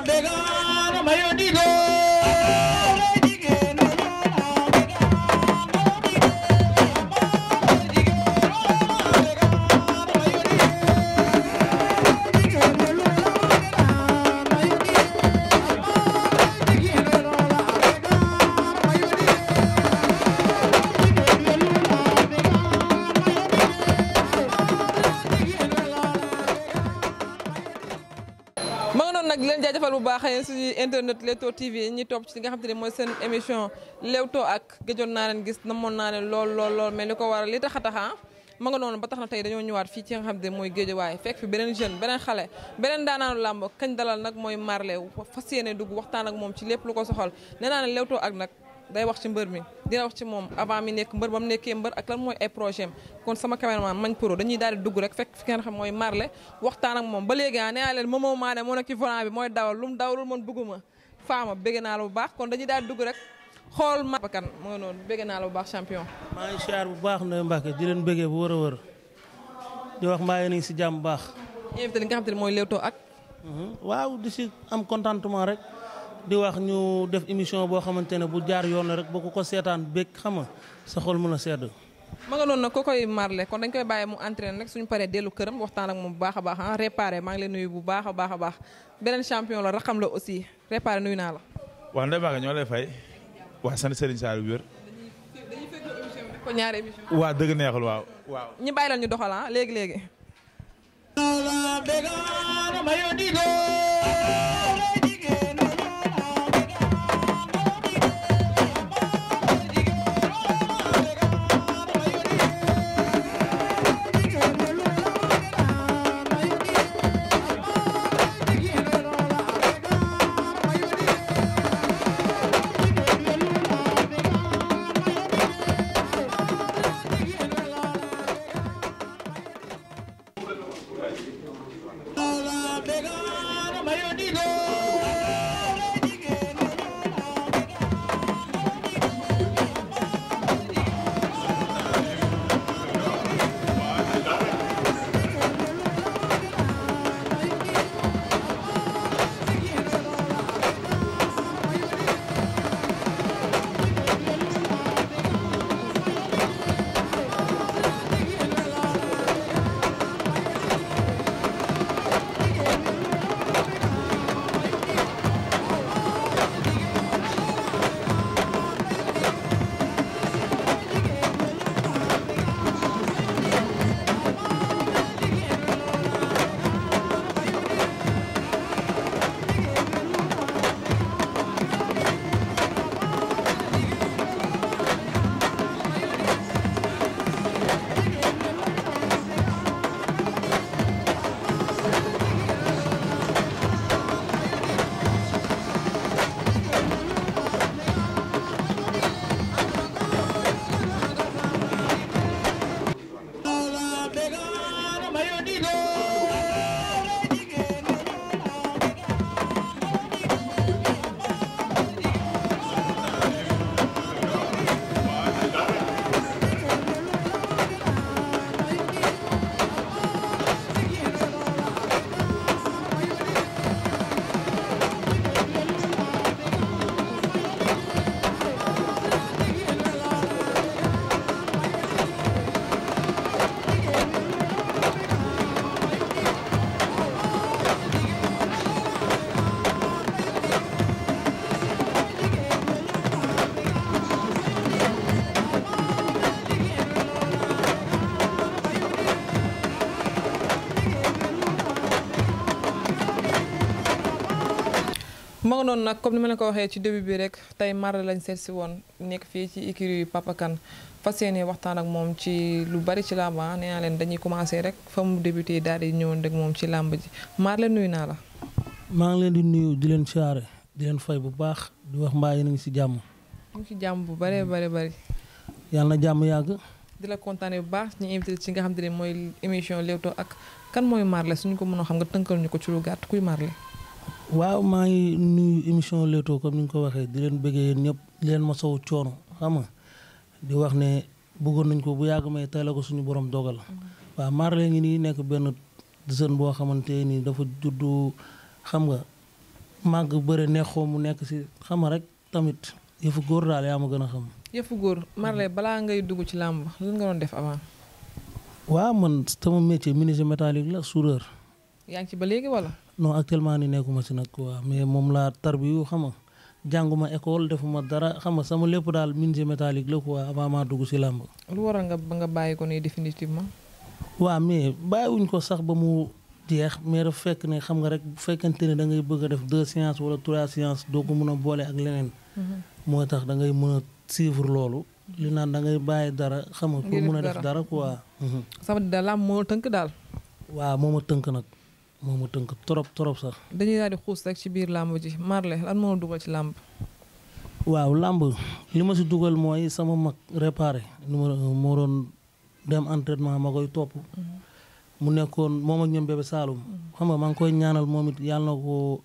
mbega na mayoniro internet Leewtoo TV ñi topp ci li nga xam te ne mooy seen émission Leewtoo ak gëjoon naa leen gis na moon naa leen lool lool lool mais li ko waral li tax a taxa ma nga noonu ba tax na tey dañoo ñëwaat fii ci nga xam ne mooy géejawaay fekk fi beneen jeune beneen xale beneen daanaanu làmb kañ dalal nag mooy Marley fas yéene dugg waxtaan ak moom ci lépp lu ko soxal nee naa ne Leewtoo ak nag day wax ci mbër mi dina wax ci moom avant mi nekk mbër ba mu nekkee mbër ak lan mooy ay projet am kon sama cameraman mañ pro dañuy daal di dugg rek fekk fi nga xam mooy Marley waxtaan ak moom ba léegi maa ah ne mooy dawal lu mu dawalul man bëgguma faama naa la bu baax kon dañuy daal di dugg rek xool ma kan mooy noonu bëgg naa la bu baax champion maa ngi siyaar bu baax na Mbacke di leen bëggee bu wër a wër di wax mbaa yéen a ngi si jàmm bu baax invité li nga xam te ne mooy Leewtoo ak mhm. waaw di si am contentement rek di wax ñu def émission boo xamante ne bu jaar yoon la rek boo ko ko seetaan bëgg xam sa xol mën a sedd. ma nga noonu nag ko koy marle kon dañ koy bàyyi mu entraîné rek suñu paree dellu këram waxtaan ak moom bu baax a baax ah réparé maa ngi lay nuyu bu baax a baax a baax beneen champion la raxam la aussi réparé nuyu naa la. waaw Ndeye Mbaga ñoo lay fay. waa sant Serigne Sall wér. dañuy fekk émission bi ko ñaari émission. waa dëgg neexul waaw. waaw ñu bàyyi la ñu ah, léegi léegi. Mayo Dilo ma nga noonu nag comme ni ma leen ko waxee ci début bi rek tey Marley lañ seet si woon nekk fii ci écurie Papa Kane fas yéene waxtaan ak moom ci lu bari ci làmb ah. nee naa leen dañuy commencé rek fa mu débuté daal di ñëwoon rek moom ci làmb ji Marley nuyu naa la. maa ngi leen di nuyu di leen siyaare di leen fay bu baax di wax mbaa yéen a ngi si jàmm. ñu ngi si jàmm bu baree bare mm. bëri. yàlla na jàmm yàgg. di la kontaanee bu baax ñu invité ci nga xam te ne mooy émission Leewtoo ak kan mooy Marley suñu ko mënoo xam nga tënkal ñu ko ci lu gàtt kuy Marley waaw maa ngi nuyu émission Leewtoo comme ni nga ko waxee di leen bëggee yéen ñëpp di leen masawu coono xam nga di wax ne bëggoon nañ ko bu yàgg may teel ko suñu borom dogal. Mm-hmm. waaw Marley ngi nii nekk benn jeune boo xamante ni dafa juddu xam nga màgg bëre neexoo mu nekk si xam nga rek tamit yëfu góor daal yaa ma gën a xam. yëfu góor Marley mm-hmm. balaa ngay dugg ci làmb doon def avant. waaw man sama métier menuisier métallique la soudeur. yaa ngi ci ba léegi walla non actuellement ni nekkuma si nag quoi mais moom laa tarbiyu xam nga jànguma école defuma dara xam nga sama lépp daal menuisier métallique la quoi avant maa dugg si làmb. lu waral nga nga ko nii mais bàyyiwuñ ko sax ba mu jeex mais dafa fekk ne xam nga rek bu fekkente ne da ngay bëgg a def deux séances wala trois séances doo ko mën a boole ak leneen. Mm-hmm. moo tax da ngay mën a suivre loolu. li naan da ngay bàyyi dara xam nga. pour a def dara quoi. Mm-hmm. sama di daal làmb moo tënk daal. waaw moo ma tënk nag. moo ma tënk trop trop sax. dañuy daal di xuus rek ci biir làmb ji Marley lan moo dugal ci làmb. waaw làmb li ma si dugal mooy sama mag réparé numéro moo dem entraînement ma koy topp. Mm-hmm. mu nekkoon moom ak ñoom mm-hmm. maa ngi koy ñaanal moom yàlla na ko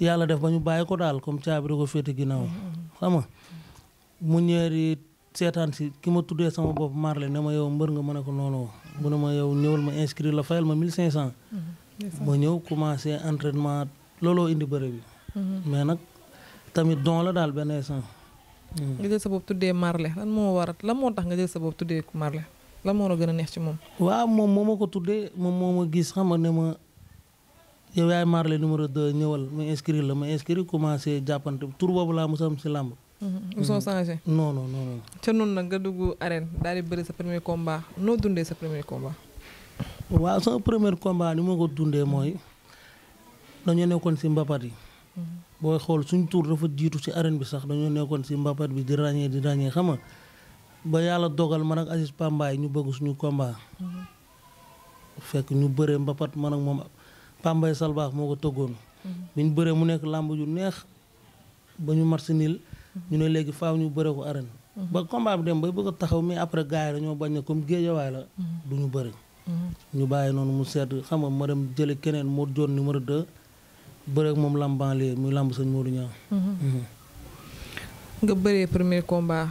yàlla def ba ñu bàyyi ko daal comme caabi da ko féete ginnaaw. Mm-hmm. xam nga mu ñeeri seetaan si ki ma tuddee sama bopp Marley ne ma yow mbër nga mën a ko noonu. mu ne ma yow ñëwal ma inscrire la fayal ma 1500. ma ñëw commencé entraînement looloo indi bëre bi. mais nag tamit don la daal benn essence. nga jël sa bopp tuddee Marley lan moo warat lan moo tax nga jël sa bopp tuddee Marley lan moo la gën a neex ci moom. waaw moom moo ma ko tuddee moom moo ma gis xam ne ma yow yaay Marley numéro 2 ñëwal ma inscrire la ma inscrire commencé jàppante tur boobu laa mos am si làmb. Mm-hmm. mosoo mm-hmm. changé. non non non non. ca noonu nag nga dugg arène daal di bëri sa premier combat waaw sama premier combat ni ma ko dundee mooy dañoo nekkoon si mbapat yi. Mm-hmm. booy xool suñu tuur dafa jiitu si arène bi sax dañoo nekkoon si mbapat bi di ràññee di ràññee xam nga ba yàlla dogal man ak Aziz Pambaay ñu bëgg suñu combat. Mm-hmm. fekk ñu bëree mbapat man ak moom Pambaay Salbaax moo ko tëggoon. Mm-hmm. biñ bëree mu nekk làmb ju neex ba ñu mat si niil ñu ne léegi faw ñu bëree ko arène. ba combat bi dem bay bëgg taxaw mais après gars yi dañoo bañ ne comme géejawaay la duñu ñu Mm-hmm. ñu bàyyi noonu mu sedd xam nga ma dem jëli keneen moo joon numéro 2 bëreeg moom lamb banlieue muy lamb sëñ Modou Niang. Mm-hmm. Mm-hmm. nga bëree premier combat.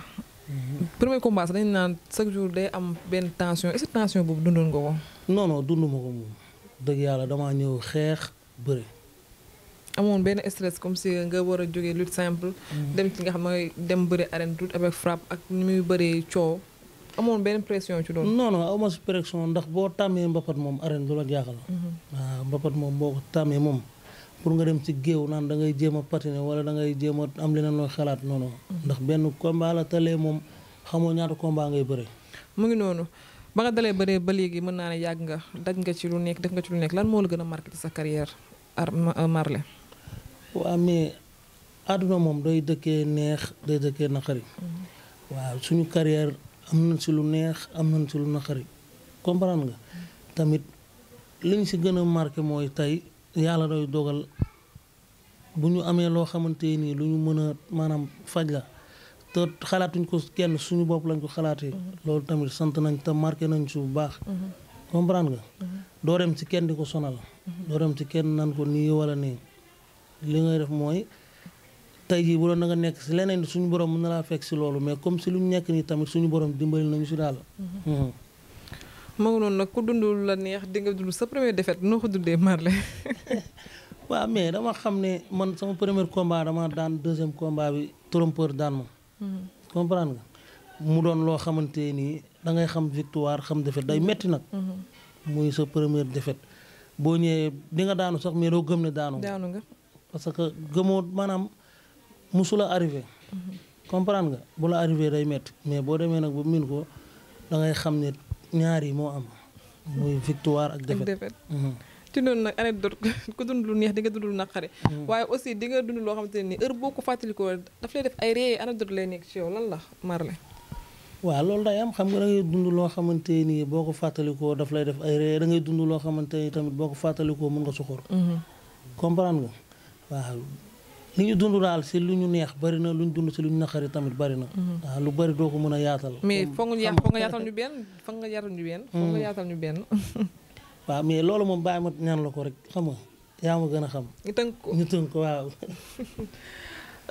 premier combat sax dañu naan chaque jour day am benn tension est tension boobu dundoon nga ko. non non ma ko moom. dëgg yàlla damaa ñëw xeex bëri. amoon benn stress comme si nga war a jóge lutte simple. dem ci nga xam ne dem bëri arène tout avec frappe ak ni muy bëree coow. amoon benn pression ci doon. non non amoon si pression ndax boo tàmmee mbapat moom arène du la jaaxal. Mhm. waaw mbapat moom boo ko tàmmee moom pour nga dem ci géew naan da ngay jéem a patiner wala da ngay jéem a am leneen looy xalaat non mhm. ndax benn combat la talee moom xamoo ñaata combat ngay bëre. mu ngi noonu ba nga dalee ba léegi mën naa ne yàgg nga daj nga ci lu nekk def nga ci lu nekk lan moo la gën a marqué sa carrière ar Marley. waaw mais àdduna moom day dëkkee neex day dëkkee naqari. Mhm. waaw suñu carrière. am na si lu neex am nañ si lu naqari comprendre nga tamit liñ si gën a marqué mooy tey yàlla doy dogal bu ñu amee loo xamante nii lu ñu mën a maanaam faj la te xalaatuñ ko kenn suñu bopp lañ ko xalaatee. Mm-hmm. loolu tamit sant nañ te marqué nañ si bu baax. Mm-hmm. comprendre nga. Mm-hmm. doo dem ci kenn di ko sonal. doo dem ci kenn nan ko nii wala nii li ngay def mooy. tey jii bu doon da nga nekk si leneen suñu borom mën na laa fekk si loolu mais comme si lu ñu nekk nii tamit suñu borom dimbali nañu si daal. Mm-hmm. Mm-hmm. ma la neex nga sa première défaite noo ko dundee Marley. waaw mais dama xam ne man sama premier combat dama daan deuxième combat bi trompeur daan ma. Mm-hmm. comprendre nga mu doon loo xamante nii da ngay xam victoire xam défaite day metti nag. muy sa première défaite boo ñëwee di daanu sax mais doo gëm ne daanu. parce que gëmoo maanaam. musula arrivé comprendre nga bu la arrivé day métti mais boo demee nag ba min ko da ngay xam ne ñaar yi moo am muy victoire ak défaite mhm. ci noonu nag anecdote ku dund lu neex di nga dund lu naqare mhm. waaye aussi di nga dund loo xamante ne nii heure boo ko fàttalikoo daf lay def ay ree anecdote lay nekk ci yow lan la Marley waaw loolu day am xam nga da dund loo xamante nii boo ko fàttalikoo daf lay def ay ree da ngay dund loo xamante ni tamit boo ko fàttalikoo mën nga soxor mhm. comprendre nga waaw li ñu dund daal si lu ñu neex bari na lu ñu dund si lu ñu naqari tamit bari na. Mhm. lu bari doo ko mën a yaatal. mais foog nga ya foog nga yaatal ñu benn foog nga yaatal ñu benn. foog nga mm. ñu benn. waaw mais loolu moom bàyyi ma ñaan la ko rek xam nga yaa ma gën a xam. ñu ko ñu tënk ko waaw.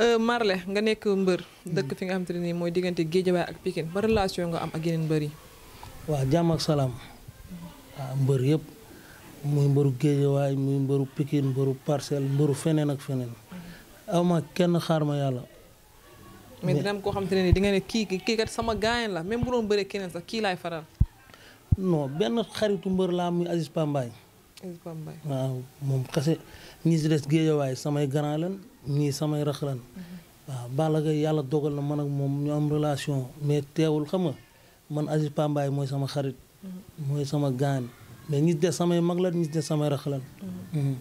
Euh, Marley nga nekk mbër. dëkk fi nga xam te ne mooy diggante Guédiawaye ak Pikine ba relation nga am ak yeneen mbër yi. jàmm ak salaam. waaw mbër yëpp muy mbëru Guédiawaye muy mbëru Pikine mbëru Parcelles mbëru feneen ak feneen. aw ma kenn xaar ma yàlla. mais dina am koo xam xamante ne ni di ne kii kii kat sama gaañ la même bu doon bëree keneen sax kii laay faral. no benn xaritu mbër laa muy Aziz Pambaay. Aziz waaw moom kese ñi si des géejawaay samay grand lan ñii samay rax lan. Mm-hmm. waaw Balla Gaye yàlla dogal na man ak moom ñu am relation mais teewul xam nga man Aziz Pambaay mooy sama xarit. Mm-hmm. mooy sama gaañ. mais ñi des samay mag la ñi des samay rax la. Mm-hmm.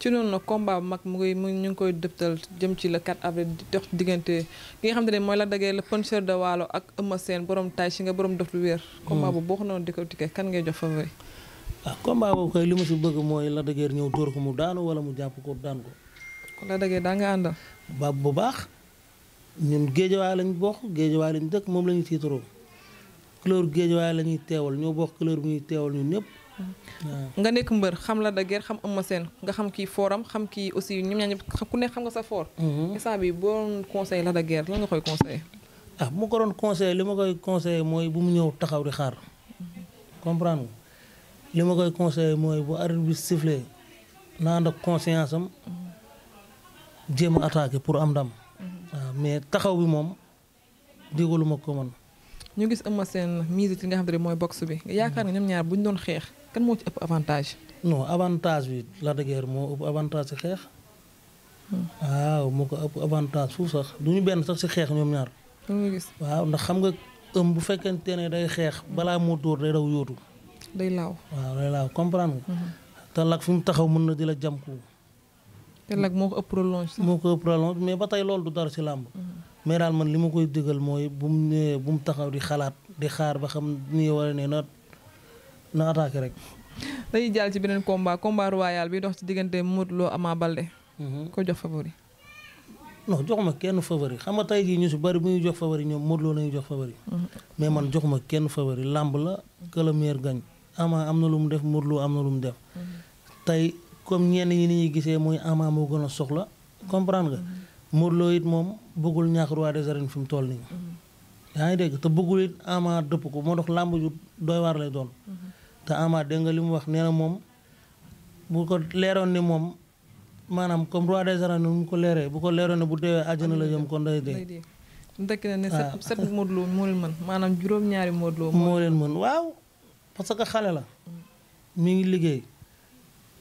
ci noonu nag combat bu mag mu ngi ñu ngi koy dëptal jëm ci la 4 avril di dox diggante ki nga xam ne ne mooy la dagee le puncheur de Waalo ak Eumeu Sène borom tay si nga borom dof lu weer mm-hmm. combat bu boo xam noonu di ko dikkee kan ngay jox fa ah combat boobu kay li ma si bëgg mooy la dagee ñëw dóor ko mu daanu wala mu jàpp ko daan ko. la dagee daa nga àndal. ba bu baax ñun géejawaay lañ bokk géejawaay lañ dëkk moom la ñu tiitaroo couleur géejawaay la ñuy teewal ñoo bokk couleur bu ñuy teewal ñun ñëpp. nga nekk mbër xam la da guerre xam Eumeu Sène nga xam ki fooram xam kii aussi ñoom ñaar ñëpp ku nga sa foor mhm. instant bi boo doon conseil la da bu ma ko doon conseillé li ma koy conseillé mooy mu ñëw taxaw di xaar comprendre a attaqué mhm. ah, ma ko man ñu gis Eumeu Sène mise ci li nga xam te ne mooy box doon xeex kan moo ci ëpp avantage. non avantage bi Lac de moo ëpp avantage ci xeex. Hmm. waaw moo ko ëpp avantage fu sax du ñu benn sax ci xeex ñoom ñaar. waaw ndax xam nga ëm bu fekkente ne day xeex balaa moo dóor day daw yóotu. day laaw waaw day laaw comprendre nga. Hmm. te Lac fi mu taxaw mën na di la jam ko. te Lac moo ko ëpp prolonge. moo ko ëpp prolonge mais ba tey loolu du dara ci làmb. Hmm. mais daal man li ma koy digal mooy bu mu nee mu taxaw di xalaat di xaar ba xam nii wala na attaqué rek. dañuy jàll ci beneen combat combat royal bi dox ci diggante Modou Lo Ama Baldé. Mhm. ko jox favori. non jox ma kenn favori xam nga tey jii ñu si bari bu ñuy jox favori ñoom Modou Lo la ñuy jox favori. Mhm. mais man jox ma kenn favori làmb la que le meilleur gagne Ama am na lu mu def Modou lu mu def. Mhm. tey comme ñenn ñi ni ñuy gisee mooy Ama moo gën a soxla comprendre nga. Modou Lo it moom bëggul ñàkk roi des arènes fi mu toll nii. yaa ngi dégg te bëggul it Ama dëpp ko moo tax làmb ju doy waar doon. te Ama dégg nga li mu wax nee na moom bu ko leeroon ni moom maanaam comme roi des arènes ko leeree bu ko leeroon ne bu deewee àjjana la jëm kon day dee. dëkk na ne ah. set set Modou moo leen mën maanaam juróom-ñaari Modou moo leen mën waaw parce que xale la mi ngi liggéey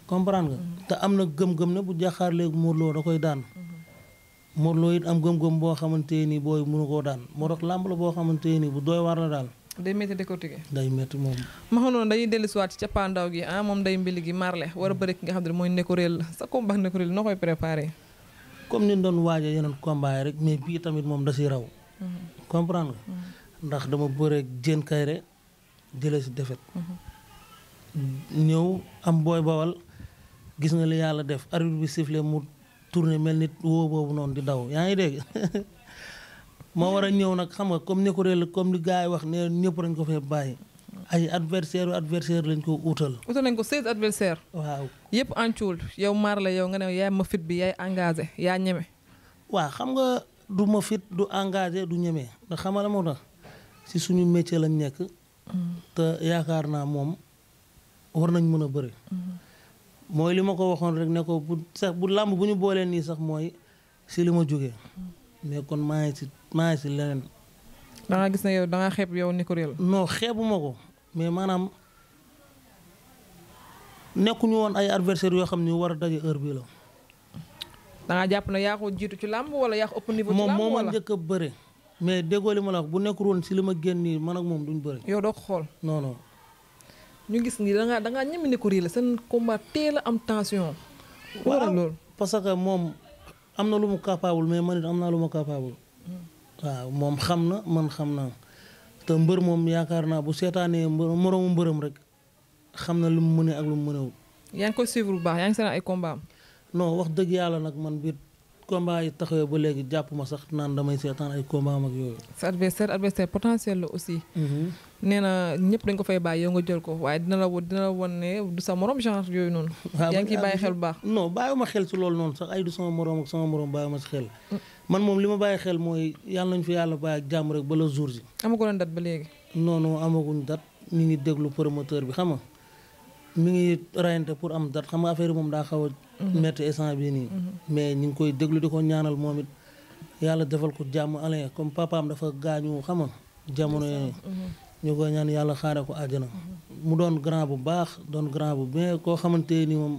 comprendre nga mm-hmm. te am na gëm-gëm ne bu jaxaar léegi Modou da koy daan mm-hmm. Modou Lo it am gëm-gëm boo xamante nii boo mënu koo daan moo tax làmb la boo xamante nii bu doy war la daal day métti décortiqué. day métti moom. ma xam noonu dañuy dellusiwaat ci cappaandaw gi ah moom day mbili gi marle war a bëri ki nga xam ne mooy Neko Rell la sa combat Neko Rell noo koy préparé. rek mais bii tamit moom da si raw. Mhm. comprendre nga. Mhm. ndax dama bëreeg jën kayre jëlee si defet mhm. ñëw am booy bawal gis nga li yàlla def arbitre bi sifflé mu tourné mel nit woo boobu noonu di daw yaa ngi dégg. moo war a ñëw nag xam nga comme ni ko réel comme li gars yi wax ne ñëpp dañ ko fee bàyyi. ay adversaire yu adversaire lañ ko utal. utal nañ ko seize adversaire waaw yëpp en cuul yow maar la yow nga ne yaay ma fit bi yaay engagé yaa ñeme. waa xam nga du ma fit du engagé du ñeme ndax xam la moo tax si suñu métier lañ nekk. te yaakaar naa moom war nañ mën a bëri. mooy li ma ko waxoon rek ne ko bu sax bu làmb bu ñu boolee nii sax mooy si li ma jógee. mais kon maa ngi si maa si leneen. da gis ne yow da nga xeeb yow Nico Real. non xeebuma ko mais maanaam nekkuñu woon ay adversaires yoo xam ne war a daje heure bii la. da jàpp ne yaa ko jiitu ci làmb wala yaa ko ëpp niveau. moom moom moo ma njëkk a bëre. mais déggoo li ma la wax bu nekkul woon si li ma génn nii man ak moom duñ bëri. yow doo ko xool non ñu gis ni da ngaa da ngaa ñeme Nico Real la seen combat la am tension. waaw loolu parce que moom am na lu mu capable mais man it waaw moom xam na man xam na te mbër moom yaakaar naa bu seetaanee moroomu mbërëm rek xam na lu mu mënee ak lu mu mënewul. yaa ngi koy suivre bu baax yaa ngi ay combat non wax dëgg yàlla nag man biir yi taxawee ba léegi jàpp ma sax naan damay seetaan ay combat am ak sa adversaire adversaire potentiel mm-hmm. nee na ñëpp dañ ko fay bàyyi nga jël ko waaye dina la wo dina la won ne du sa moroom genre yooyu noonu. yaa ngi bàyyi xel bu baax. non bàyyiwuma xel si loolu noonu sax ay du sama morom ak si xel. Mm. man moom li ma bàyyi xel mooy yàlla nañu fi yàlla bàyyi ak jàmm rek ba le jour ji. amaguñ leen date ba léegi. non non amaguñ date ñu ngi déglu promoteur bi xam nga mi ngi rayante pour am date xam nga moom daa xaw a. métti mhm. instant bii nii. Mhm. mais ñu ngi koy déglu di ko ñaanal moom it yàlla defal ko jàmm alain comme papaam dafa gaañu xam nga jamono yooyu. Mhm. ñu koy ñaan yàlla xaare ko àjjana. mu doon grand bu baax doon grand bu bien koo xamante ni moom.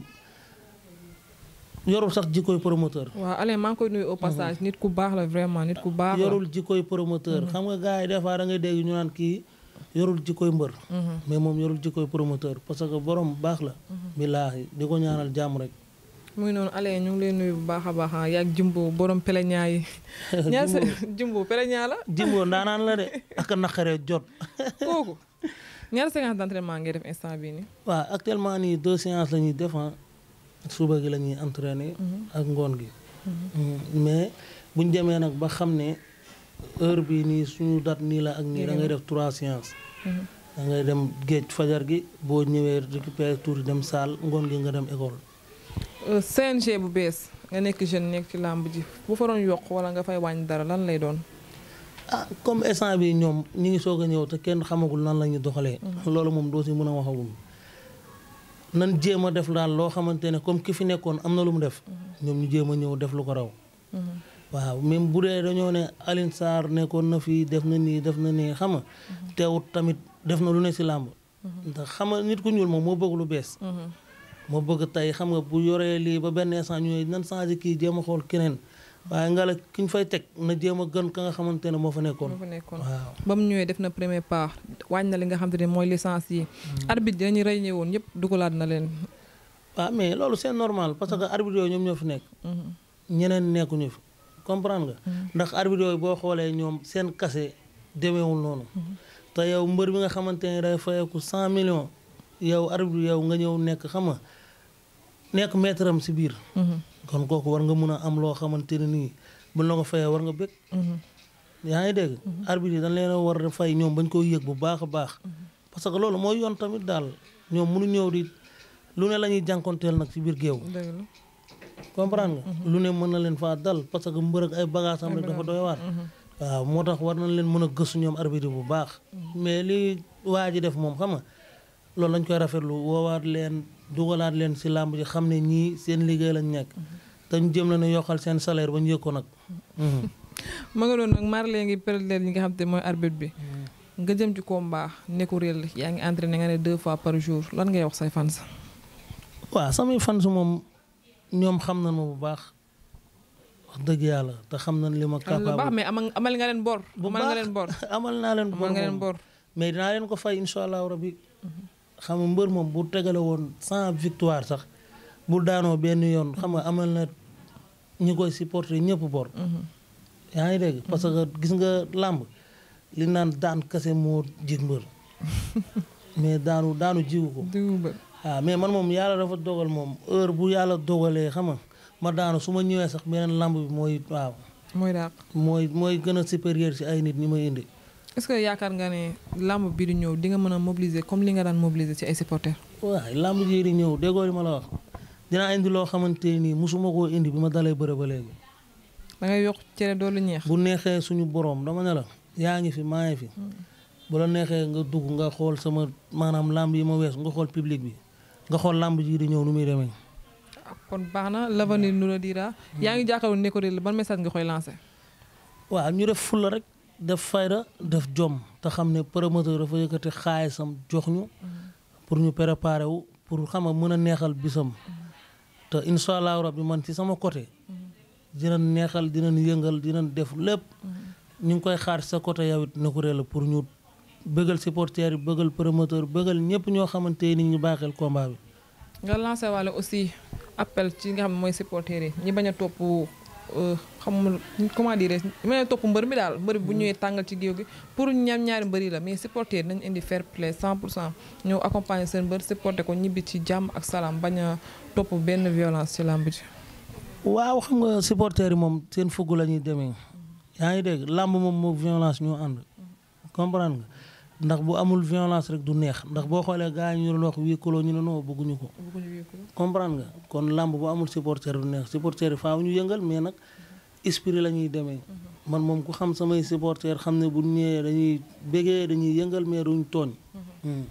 yorul sax jikkooy promoteur. waaw Alain maa koy nuyu au passage. Mhm. nit ku baax la vraiment nit ku baax la. yorul jikkooy promoteur. Mhm. xam nga gars yi des fois da ngay dégg ñu naan kii yorul jikkooy mbër. Mhm. mais moom la. billaahi di ko ñaanal jàmm rek. muy noonu Alain ñu ngi lay nuyu bu baax a baax ah, yaag jumbo borom peleñaa yi. ñaar sa jumbo de ak naqaree jot. kooku ñaar séance d'entraînement ngay def instant bii nii. waaw actuellement nii deux séances la ñuy ah. suba gi la ñuy entraîner. Mhm. ak ngoon gi. Mhm. Mm, mais buñ demee nag ba xam ne heure bi nii suñu date nii la ak nii da mhm. def trois séances. da ngay dem géej fajar gi boo ñëwee tour tuuti dem saal ngoon gi nga dem école. Euh, CNG bu bees nga nekk jeune nekk ci làmb ji bu fa doon yokk wala nga fay wàññi dara lan lay doon. ah comme instant bi ñoom ñi ngi soog a ñëw te kenn xamagul nan la ñu doxalee. loolu moom doo si mën a waxagum. nan jéem a def daal loo xamante ne comme ki fi nekkoon am na lu mu def ñoom ñu jéem a ñëw def lu ko raw waaw même bu dee dañoo ne Alioune Sarr nekkoon na fii def na nii def na nii xam nga teewut tamit def na lu ne si làmb ndax xam nga nit ku ñuul moom moo bëgg lu bees mhm. moo bëgg tey xam nga bu yoree lii ba benn instant ñu nan changé kii jéem a xool keneen waaye nga la ki ñu fay teg na jéem a gën ka nga xamante ne moo fa nekkoon. moo nekkoon ba mu ñëwee def na premier pas wàññi na li nga xam te ne mooy licence yi. Hmm. arbitre dinañu rey woon ñëpp dugalaat na leen. waaw mais loolu seen normal parce que arbitre yooyu ñoom ñoo fi nekk. Hmm. ñeneen nekkuñu fi comprendre nga. Hmm. ndax arbitre yooyu boo xoolee ñoom seen kase demeewul noonu. te yow mbër bi nga xamante ne day fayeeku cent million yow arbitre yow nga ñëw nekk xam nga nekk maître am si biir. kon kooku war nga mun a am loo xamante ne nii buñ la ko fayee war nga bëgg. Mm-hmm. yaa ngi dégg. Mm-hmm. arbitre yi leen a war a fay ñoom bañ koy yëg bu baax a baax. Mm-hmm. parce loolu mooy yoon daal ñoom mënu ñëw di lu ne la ñuy jànkonteel nag ci biir géew. comprendre nga. lu ne mën na leen faa dal parce que mbër ak ay bagages am rek dafa doy waar. waaw moo tax war nañ leen mën a gëstu ñoom arbitre bu baax. mais li waa ji def moom xam nga loolu lañ koy rafetlu woowaat leen. dugalaat leen si làmb ji xam ne ñii seen liggéey lañ nekk. te ñu jëm la ne yokkal seen salaire ba ñu yëg ko nag. ma nga doon nag Marley ngi perdre ñi nga xam te mooy arbitre bi. nga jëm ci combat nekku réel yaa ngi entraîné nga ne deux fois par jour lan ngay wax say fans. waaw samay fans moom ñoom xam na ma bu baax wax dëgg yàlla te xam na li ma. capable bu baax mais amal nga leen bor. bu baax amal naa leen bor amal naa leen bor mais dinaa ko fay incha allahu mhm. xam nga mbër moom bu tegale woon cent victoire sax bu daanoo benn yoon xam nga amal na ñi koy supporter ñëpp bor. Mm-hmm. yaa ngi dégg mm-hmm. parce que gis nga làmb li naan daan kese moo jig mbër mais daanu daanu jiwu ko. waaw ah, mais man moom yàlla dafa dogal moom heure bu yàlla dogalee xam nga ma daanu su ma ñëwee sax beneen làmb bi mooy waaw. mooy dàq mooy mooy gën a supérieur si ay nit ñi ma indi. est-ce que yaakaar nga ne làmb bi di ñëw di nga mën a mobiliser comme li nga daan mobiliser ci ay supporters. waaw làmb ji di ñëw déggoo li ma la wax dinaa indi loo xamante nii mosuma koo indi bi ma dalee bëre ba léegi. da ngay yokk cere doolu ñeex. bu neexee suñu boroom dama ne la yaa ngi fi maa ngi fi. Hmm. bu la neexee nga dugg nga xool sama maanaam làmb yi ma weesu nga xool public bi nga xool làmb jii di ñëw nu muy demee. Ah, kon baax na la nous le dira. Hmm. yaa ngi jàkkaarloo nekko Rêl ban message nga koy lancé. waaw ñu def la rek. def fayda def jom te xam ne promoteur dafa yëkkati xaalisam jox ñu pour ñu préparer wu pour xam nga mën a neexal bisam te incha allahu rabbi man ci sama côté dinañ neexal dinañ yëngal dinañ def lépp ñu ngi koy xaar sa côté yow it la pour ñu bëggal supporter yi bëggal promoteur bëggal ñëpp ñoo xamante ni ñu baaxeel combat bi. nga lancé wàll aussi appel ci nga xam ne mooy supporter yi ñi bañ a topp xamul comment dire ma ne topp mbër mi daal mbër bu mm. ñëwee tàngal ci géew gi pour ñaar ñaari mbër yi la mais supporter nañ indi fair play 100 pour cent ñëw accompagner seen mbër supporter ko ñibbi ci jàmm ak salaam bañ a topp benn violence ci làmb ji. waaw xam nga supporter yi moom seen fugg la ñuy demee yaa ngi dégg làmb moom moo violence ñoo ànd mm. comprendre nga. ndax bu amul violence rek du neex ndax boo xoolee gaa yi ñu doon wax wii kuloo ñu ne non bëgguñu ko. comprendre nga kon làmb bu amul supporter du neex supporter yi faaw ñu yëngal mais nag esprit la ñuy demee. Mhm. man moom ku xam samay supporter xam ne bu ñëwee dañuy bégee dañuy yëngal mais duñ tooñ. Mhm. Hmm.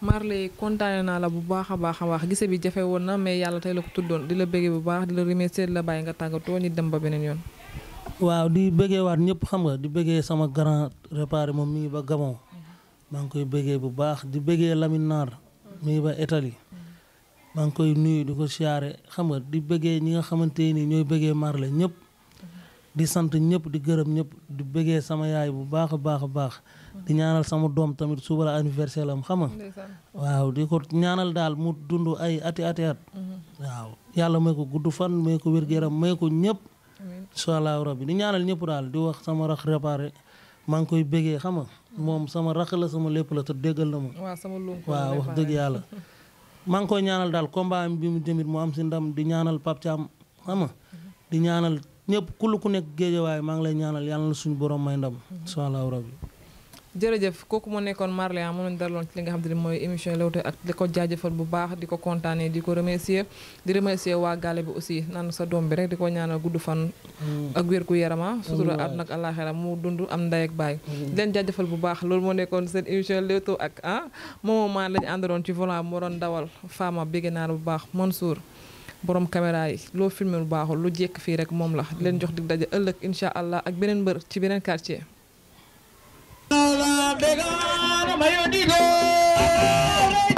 Marley kontaane naa la bu baax a baax a baax gise bi jafe woon na mais yàlla tey la ko tuddoon di la bégee bu baax di la remercier di la bàyyi nga tàggatoo ñu dem ba yoon. waaw di bëggee waat ñëpp xam nga di bëggee sama grand réparé moom mi ngi ba Gabon maa ngi koy bëggee bu baax di bëggee Lamine Naar ba Italie maa ngi koy nuyu di ko siyaare xam nga di bëggee ñi nga xamante nii ñooy bëggee Marley ñëpp di sant ñëpp di gërëm ñëpp di bëggee sama yaay bu baax a baax a baax di ñaanal sama doom tamit suba la anniversaire xam nga waaw di ko ñaanal daal mu dund ay ati ati at mm-hmm. waaw yàlla may ko gudd fan may ko wér-gu-yaram may ko ñëpp incha allahu bi di ñaanal ñëpp daal di wax sama rax réparé maa koy bégee xam nga moom sama rax la sama lépp la te déggal na ma waa waaw wax dëgg yàlla maa ngi koy ñaanal daal combat bi mu jëmit mu am si ndam di ñaanal Pape Thiam xam nga di ñaanal ñëpp ku lu ku nekk géejawaay maa ngi lay ñaanal yàlla na suñu borom may ndam incha allahu rabbi jërëjëf kooku moo nekkoon Marleya moo leen daloon ci li nga xam te ne mooy émission Leewtoo ak di ko jaajëfal bu baax di ko kontaanee di ko remercier di remercier waa gaale bi aussi naan sa doom bi rek di ko ñaanal gudd fan mm. ak wér gu yarama mm. sutura nag ak àllaaxira mu dund am ndey ak baay mm. di leen jaajëfal bu baax loolu moo nekkoon seen émission Leewtoo ak ah moomoo maa lañu àndaloon ci volant moo doon dawal faama bégg naar bu baax Mansour borom caméra yi loo filmé bu baaxul lu jekk fii rek moom la leen jox dig daje ëllëg incha allah ak beneen mbër ci beneen quartier Mayo Dido